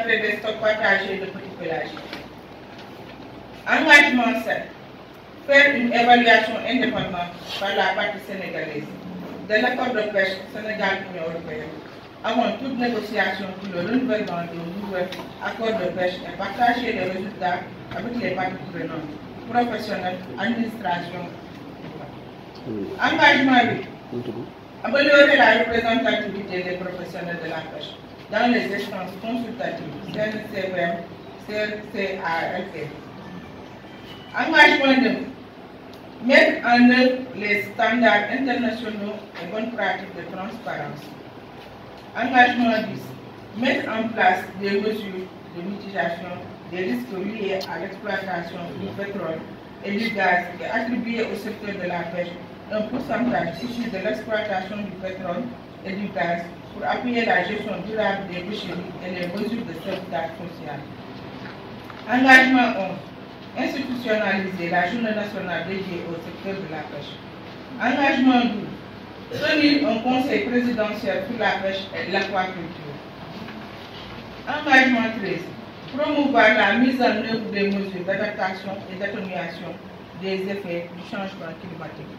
entrée des stocks partagés de petits pélagiques. Engagement 7. Faire une évaluation indépendante par la partie sénégalaise de l'accord de pêche Sénégal-Union européenne avant toute négociation pour le renouvellement de nouvel accord de pêche et partager les résultats avec les parties prenantes, professionnels, administration. Engagement 8. Améliorer la représentativité des professionnels de la pêche dans les instances consultatives, CNCVM, Engagement 2. Mettre en œuvre les standards internationaux et bonnes pratiques de transparence. Engagement 10. Mettre en place des mesures de mitigation des risques liés à l'exploitation du pétrole et du gaz et attribuer au secteur de la pêche un pourcentage issu de l'exploitation du pétrole et pour appuyer la gestion durable des boucheries et les mesures de sauvegarde sociale. Engagement 11. Institutionnaliser la journée nationale dédiée au secteur de la pêche. Engagement 12. Tenir un conseil présidentiel pour la pêche et l'aquaculture. Engagement 13. Promouvoir la mise en œuvre des mesures d'adaptation et d'atténuation des effets du changement climatique.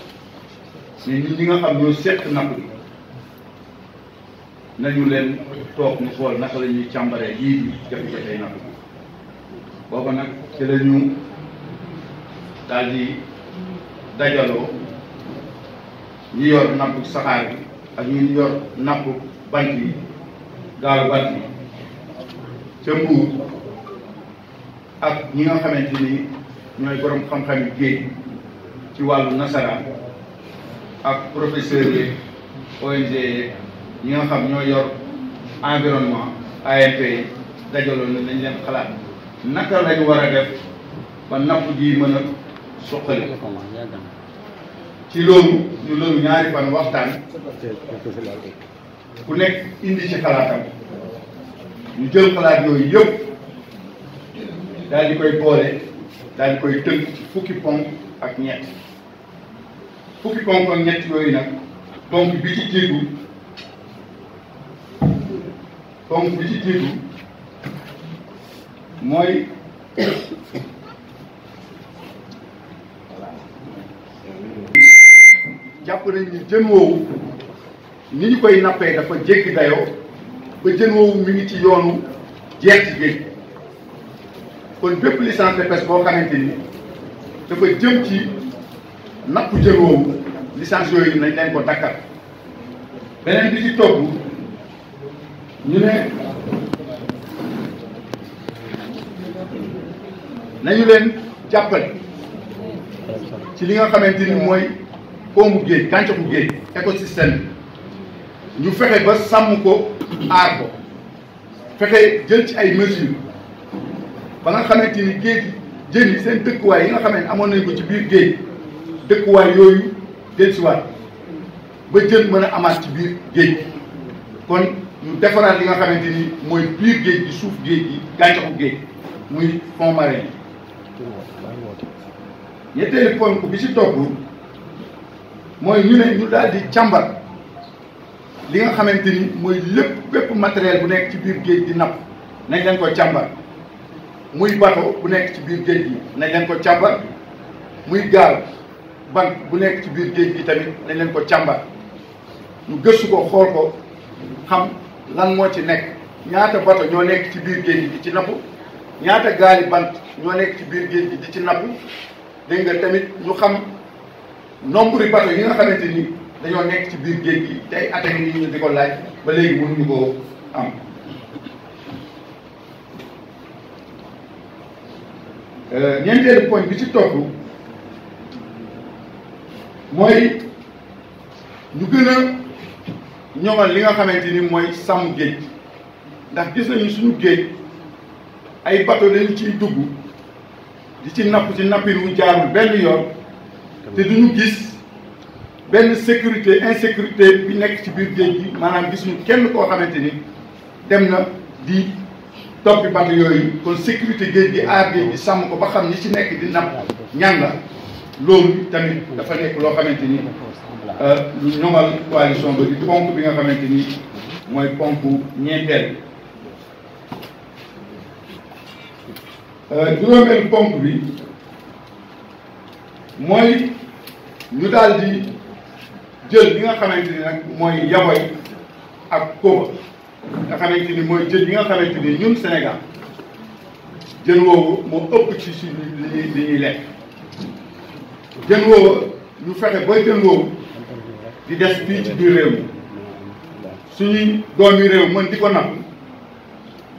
mais ñun ñi nga xam ñoo seq napp bi nañu leen toog ñu xool naka la ñuy càmbaree lii di jafe-jafe napp bi booba nag ci ñu yor napp saxaar bi ak ñi yor napp bant yi gaalu bant yi ca mbuur ak ñi nga xamante ni ñooy borom xam-xami géej ci wàllu nasaraan ak professeurs yi ONG yi ñi nga xam ñoo yor environnement AMP yi dajaloo na nañ leen xalaat naka lañ war a def ba napp ji mën a suqali ci loolu ñu loolu ñaari fan waxtaan ku nekk indi ci xalaatam ñu jël xalaat yooyu yëpp daal di koy boole daal di tënk ci fukki ak ñett fukki ponk ak ñett yooyu nag ponk bi ci jiitu ponk bi ci jiitu mooy jàpp nañ ni jën woowu ni ñu koy nappee dafa jéggi dayoo ba jën woowu mi ngi ci yoonu jeex ci kon bépp li de pêche boo xamante ni dafa jëm ci napp jën woowu licence yooyu nañ leen ko dakkal beneen bi ci topp ñu ne nañu leen jàppale ci li nga xamante ni mooy koomu géej gàncaxu géej écosystème bi ñu fexe ba sàmm ko aar ko fexe jël ci ay mesures ba nga xamante ni géej jën yi seen dëkkuwaay yi nga xamante amoon nañ ko ci biir géej dëkkuwaay yooyu dellusiwaat ba jën mën a amaat ci biir géej kon ñu defaraat li nga xamante ni mooy biir géej gi suuf géej gi gàncaxu géej muy fond marin yi ñetteelu ponk bi ci topp mooy ñu ne ñu daal di càmbar li nga xamante ni mooy lépp bépp matériel bu nekk ci biir géej gi napp nañ leen ko càmbar muy bateau bu nekk ci biir géej gi nañ leen ko càmbar muy gaal banque bu nekk ci biir géej gi tamit dañ leen ko càmbar ñu gëstu ko xool ko xam lan moo ci nekk ñaata bato ñoo nekk ci biir géej gi ci napp ñaata gaali bant ñoo nekk ci biir géej gi di ci napp dégg nga tamit ñu xam nombre bato yi nga xamante ni dañoo nekk ci biir géej gi tey at a ngi ñu di ko laaj ba léegi mënuñu koo am. Euh, ñeenteelu poñ bi ci topp. mooy ñu gën a li nga xamante ni mooy sàmm géej ndax gis nañu suñu géej ay bato dañu ciy dugg di ci napp ci nappin wu jaarul benn yoon te duñu gis benn sécurité insécurité bi nekk ci biir géej gi maanaam gisuñu kenn koo xamante ni dem na di toppi bato yooyu kon sécurité géej gi aar géej gi sàmm ko ba xam ñi ci nekk di napp ñan la loolu tamit dafa nekk loo xamante ni ñu euh, ñoŋal coalition di ponk bi nga xamante ni mooy ponk ñeenteel euh, juróomeel ponk bi mooy ñu daal di jël bi nga xamante ni nag mooy yaboy ak kóoba nga xamante ni mooy jën bi nga xamante ni ñun Sénégal jën woowu moo ëpp si li li ñuy jën woowa ñu fexe ba jën woowu di des fii ci biir réew mi suñuy doomi réew mën di ko napp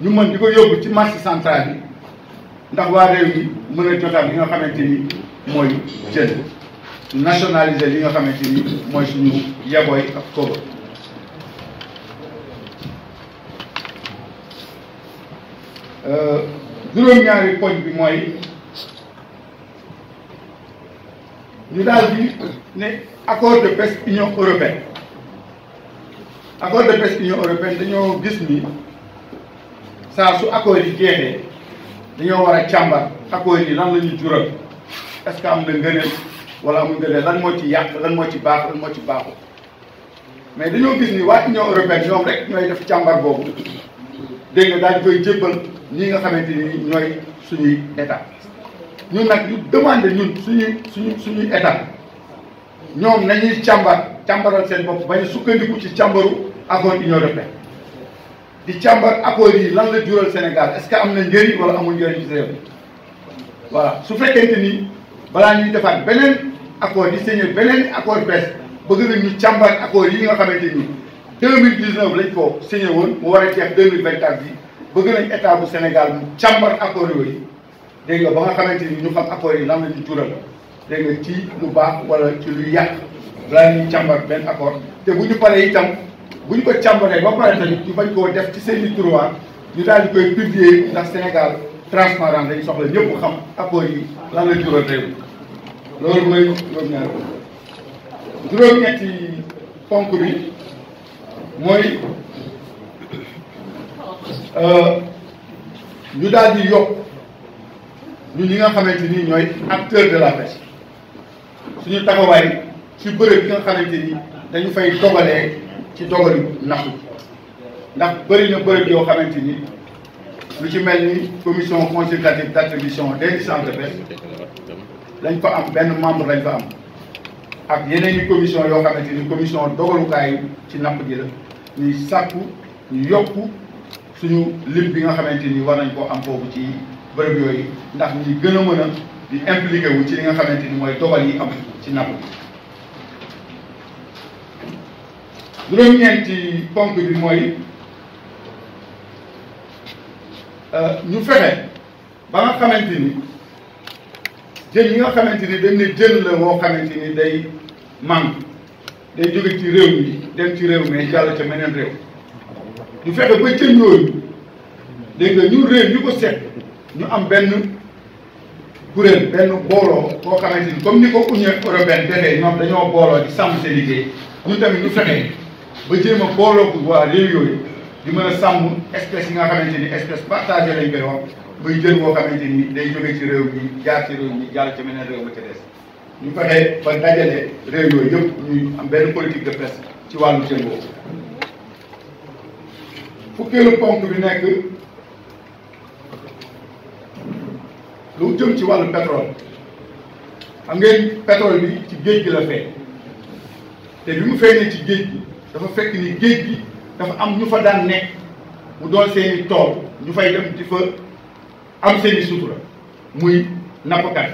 ñu mën di ko yóbbu ci marché central yi ndax waa réew mi mën a jotaat li nga xamante ni mooy jën nationaliser li nga xamante ni mooy suñu yebooy ak kóoba euh, juróom-ñaari poñ bi mooy ñu daal ne accord de pêche union européenne accord de pêche union européenne dañoo gis ni saa su accord yi jeexee dañoo war a càmbar accord yi lan la ñu jural est-ce que am na ngëneel wala amul ngëneel lan moo ci yàq lan moo ci baax lan moo ci baaxul mais dañoo gis ni waa union européenne ñoom rek ñooy def càmbar boobu dégg nga daal koy jébbal ñi nga xamante ni ñooy suñuy état. ñun nag ñu demandé ñun suñuy suñu suñuy état ñoom nañuy càmbar càmbaral seen bopp bañ a sukkandiku ci càmbaru accord union européenne di càmbar accord yi lan la jural Sénégal est-ce que am na njëriñ wala amul njëriñ ci réew mi voilà ni balaa ñuy defaat beneen accord di signé beneen accord bees bëgg nañ ñu càmbar accord yi nga xamante ni deux mille dix-neuf lañ ko signé woon mu war a jeex deux mille vingt bi bëgg nañ état bu Sénégal mu càmbar accord yooyu dégg nga ba nga xamante ni ñu xam accords yi lan la ñu tuural dégg nga ci lu baax wala ci lu yàq balaa ñuy càmbar benn accord te bu ñu paree itam bu ñu ko càmbaree ba pare tamit ñu bañ koo def ci seen i tiroir ñu daal a koy publier ndax Sénégal transparent dañu soxla ñëpp xam accords yi lan la tuural réew loolu mooy juróom-ñaar juróom-ñetti ponk bi mooy euh, ñu daal di yokk. ñun ñi nga xamante ni ñooy acteur de la pêche suñu taxawaay ci bëre bi nga xamante ni dañu fay dogalee ci dogali napp ndax bëri na bëri yoo xamante ni lu ci mel ni commission consultative d' attribution des licences de pêche lañ ko am benn membre lañ fa am ak yeneen i commission yoo xamante ni commission dogalukaay ci napp gi la ñuy sàkku ñu suñu lim bi nga xamante ni war nañ koo am foofu ci bërëb yooyu ndax yi gën a mën a di impliqué ci li nga xamante ni mooy dogal yi am ci napp bi juróom-ñeenti ponk bi mooy euh, ñu fexe ba nga xamante ni jën yi nga xamante ni dañ ne jën la woo xamante ni day man day jóge ci réew mi dem ci réew mais jàll ca meneen réew ñu fexe ba jën yooyu dégg nga ñun réew ñu ko seet ñu am benn kuréel benn booloo boo xamante ni comme ni ko union européenne defee ñoom dañoo booloo di sàmm seen liggéey ñu tamit ñu fexe ba jéem a booloo ko waa réew yooyu di mën a sàmm espèce yi nga xamante ni espèce partagée lañ koy wax bay jël boo xamante ni day jóge ci réew bi jaar ci réew bi jàll ci meneen réew ba ca ñu fexe ba dajale réew yooyu yëpp ñuy am benn politique de presse ci wàllu jën boobu fukkeelu ponk bi nekk lu jëm ci wàllu pétrole xam ngeen pétrole bi ci géej gi la feeñ te bi mu feeñee ci géej gi dafa fekk ni géej gi dafa am ñu fa daan nekk mu doon seen i tool ñu fay dem di fa am seen i sutura muy nappkat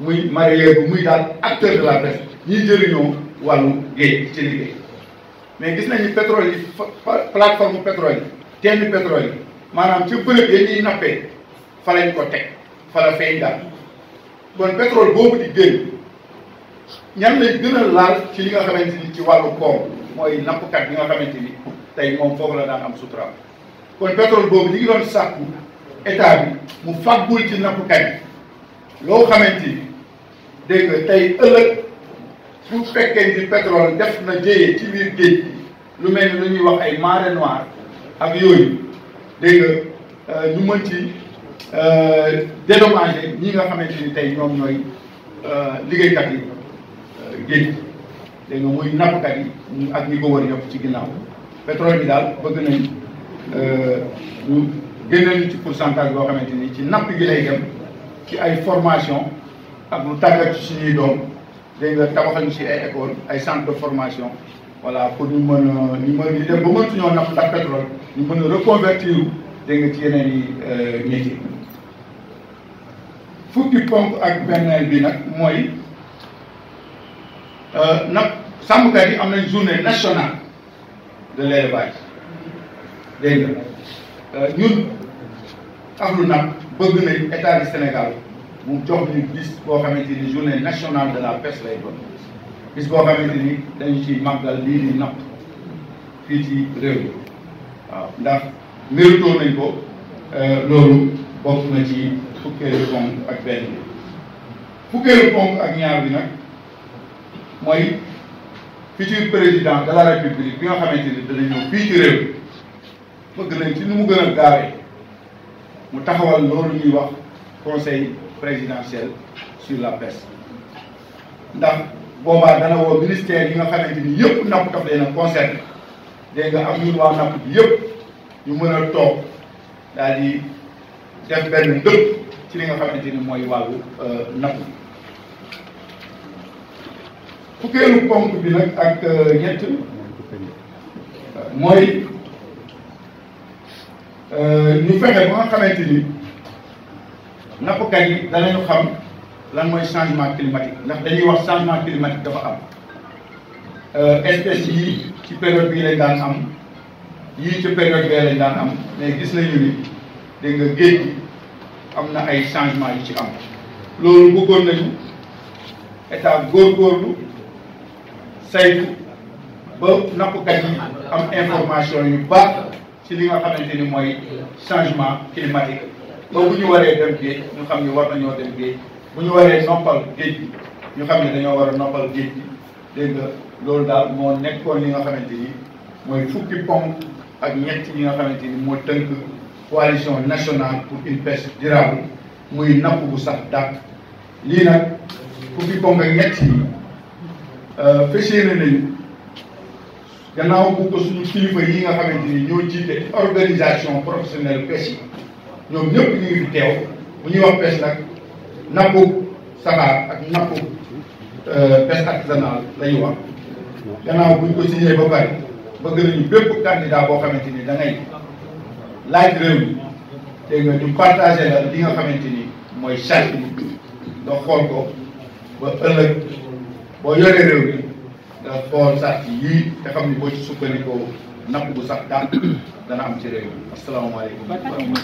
muy mareyeur bi muy daal acteur de la pêche ñiy jëriñoo wàllu géej ci liggéey mais gis nañu pétrole yi plateforme pétrole yi tenn pétrole maanaam ci bërëb yi ñuy nappee fa fa la feeñ daal kon pétrole boobu di génn ñan lay gën laal ci li nga xamante ni ci wàllu koom mooy nappkat bi nga xamante ni tey moom foofu la naa am sutura kon pétrole boobu ñu ngi doon sàkku état bi mu fàggul ci nappkat yi loo xamante ni dégg nga tey ëllëg bu fekkee ni pétrole def na jéyee ci biir géej lu mel ni lu ñuy wax ay marée noire ak yooyu dégg nga euh, ñu Euh, dédommagé ñi nga xamante ni tey ñoom ñooy euh, liggéeykat yi euh, géej dégg nga muy nappkat yi ak ñi ko wër ñëpp ci ginnaaw pétrole bi daal bëgg nañ ñu génne ci pourcentage boo xamante ni ci napp gi lay dem ci ay formation ak lu tàggat ci suñuy doom dégg nga tabaxal si ay école ay centre de formation voilà pour ñu mën a ñu mën ñu dem ba mëntuñoo napp ndax pétrole ñu mën a dégg nga ci yeneen i métier euh, fukki ak benn bi nag mooy euh, nag sàmmkat yi am nañ journée nationale de l'élevage dégg nga euh, ñun axlu nag bëgg nañ état du Sénégal mu jox ñu bis boo xamante ni journée nationale de la pêche lay doon bis boo xamante ni dañu ci màggal lii di napp fii méritoo nañ ko euh, loolu bokk na ci fukkeelu ponk ak benn bi fukkeelu ak ñaar bi nag mooy futur président de la république bi nga xamante ni dana ñëw fii ci réew bëgg nañ ci nu mu gën a gaawee mu taxawal loolu ñuy wax conseil présidentiel sur la presse ndax boobaa dana woo ministère yi nga xamante ni yëpp napp daf leen a concerné dégg nga am ñun napp yëpp ñu mën a toog daal di def benn ndëpp ci li nga xamante ni mooy wàllu euh, napp fukkeelu pompe bi nag ak euh, ñett euh, mooy ñu fexe ba nga xamante ni nappkat yi danañu xam lan mooy changement climatique ndax dañuy wax changement climatique dafa am espèces yi ci période bii lañ daan am yii ci période bee lañ daan am mais gis nañu ni dégg nga géej gi am na ay changement yu ci am loolu bëggoon nañu état góorgóorlu saytu ba nappkat yi am information yu baax ci li nga xamante ni mooy changement climatique ba bu ñu waree dem géej ñu xam ni war nañoo dem géej bu ñu waree noppal géej gi ñu xam ne dañoo war a noppal géej gi dégg nga loolu daal moo nekkoon li nga xamante ni mooy fukki ponk ak ñett yi nga xamante ni moo tënk coalition national pour une pêche durable muy napp bu sax dàq lii nag fukki ponk ak ñett yi euh, fësee na nañu gannaaw bu ko suñu kilifa yi nga xamante ni ñoo jiite organisation professionnelle pêche yi ñoom ñëpp ñu ngi teew bu ñuy wax pêche nag nappu saxaar ak nappu euh, pêche artisanale la ñuy wax gannaaw bu ñu ko signé ba bëgg nañu bépp candidat boo xamante ni da ngay laaj réew mi te nga ñu partagé la li nga xamante ni mooy charte bi nga xool ko ba ëllëg boo yoree réew mi nga xool charte yii te xam ni boo ci sukkandikoo napp bu sax daan dana am ci réew mi asalaamaaleykum